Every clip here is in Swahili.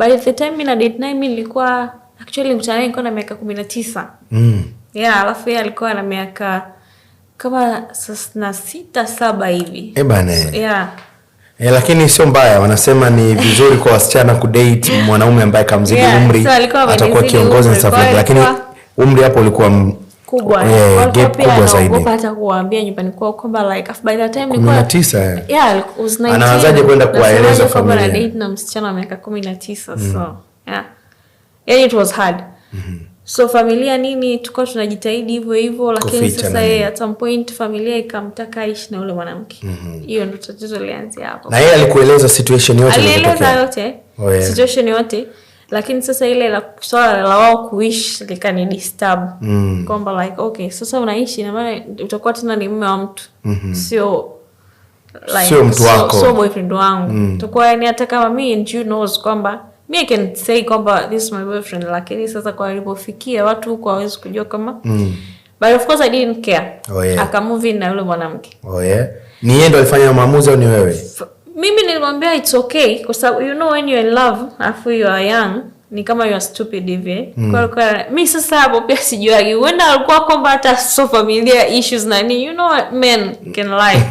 by the time mi na date naye mi nilikuwa actually nilikutana naye nilikuwa na miaka 19. Mm. Yeah, alafu yeye alikuwa na miaka kama na sita saba hivi. Eh bana. Eh. Yeah. E, lakini sio mbaya, wanasema ni vizuri kwa wasichana kudate mwanaume ambaye kamzidi yeah, umri so, atakuwa kiongozi na lakini umri hapo ulikuwa kubwa kuwaambia nyumbani kwenda kuwaeleza msichana wa miaka mm. yaani, mm-hmm. so familia nini, tulikuwa tunajitahidi hivyo hivyo, lakini sasa yeye point familia ikamtaka aishi na ule mwanamke mm hiyo -hmm. ndo tatizo lianzia hapo. Na yeye alikueleza situation yote, alieleza yote oh, situation yote lakini sasa ile la swala la wao kuishi likani disturb mm. kwamba like okay, sasa unaishi na maana utakuwa tena ni mume wa mtu mm-hmm. sio like, sio mtu wako, sio so boyfriend wangu mm. utakuwa yani, hata kama me and you knows kwamba mi I can say kwamba this is my boyfriend, lakini sasa kwa alipofikia watu huko hawezi kujua kama mm. but of course I didn't care oh, yeah. akamove na yule mwanamke oh, yeah. ni yeye ndo alifanya maamuzi au ni wewe? mimi nilimwambia it's okay kwa sababu you know when you're in love alafu you are young ni kama you are stupid hivi mm. kwa kwa mi sasa hapo pia sijuagi huenda alikuwa kwamba hata so familia issues na nini you know men can lie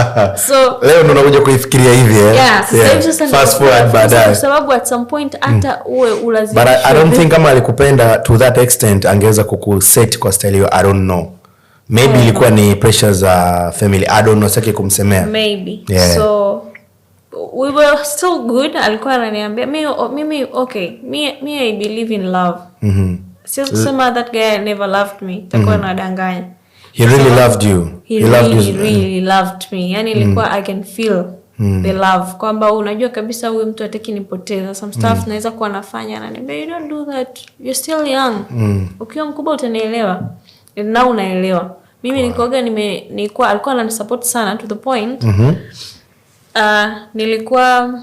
so leo ndo unakuja kuifikiria hivi eh yeah yeah. sasa fast forward baadaye kwa sababu at some point hata mm. uwe ulazimisha but I, I don't think kama alikupenda to that extent angeweza kukuset kwa style hiyo I don't know maybe ilikuwa ni pressure za uh, family I don't know sitaki kumsemea maybe yeah. so we were still good alikuwa ananiambia mimi oh, mimi okay me, me i believe in love mm-hmm. sio kusema that guy never loved me takuwa mm-hmm. nadanganya he really so, loved you he, he really, loved you. Mm. really loved me yani mm. ilikuwa mm-hmm. i can feel Mm. the love kwamba unajua kabisa huyu mtu ataki nipoteza some stuff mm. naweza kuwa nafanya ananiambia you don't do that you're still young mm. ukiwa mkubwa utanielewa na unaelewa mimi nikoga nime nilikuwa alikuwa ananisupport sana to the point mm-hmm Uh, nilikuwa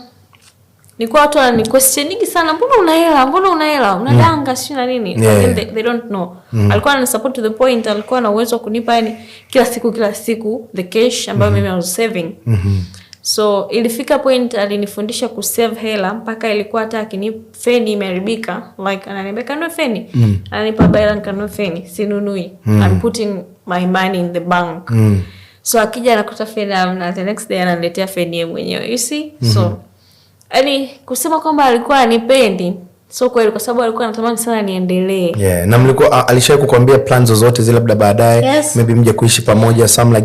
nilikuwa watu wanani question nyingi sana, mbona una mbona una unadanga mm. sio na nini yeah. they, they don't know mm. alikuwa ana support to the point, alikuwa na uwezo wa kunipa yani kila siku kila siku the cash ambayo mm -hmm. mimi I was saving mm -hmm. so ilifika point alinifundisha ku save hela mpaka ilikuwa hata akini feni imeharibika like ananiambia kanunue feni mm. ananipa hela nikanunue feni sinunui mm. I'm putting my money in the bank mm so akija anakuta feni amna, the next day ananiletea feni yeye mwenyewe you see mm -hmm. so yani kusema kwamba alikuwa anipendi so kweli kwa sababu alikuwa anatamani sana niendelee. Yeah, na mlikuwa alishawahi kukwambia plan zozote zile labda baadaye yes. maybe mje kuishi pamoja some like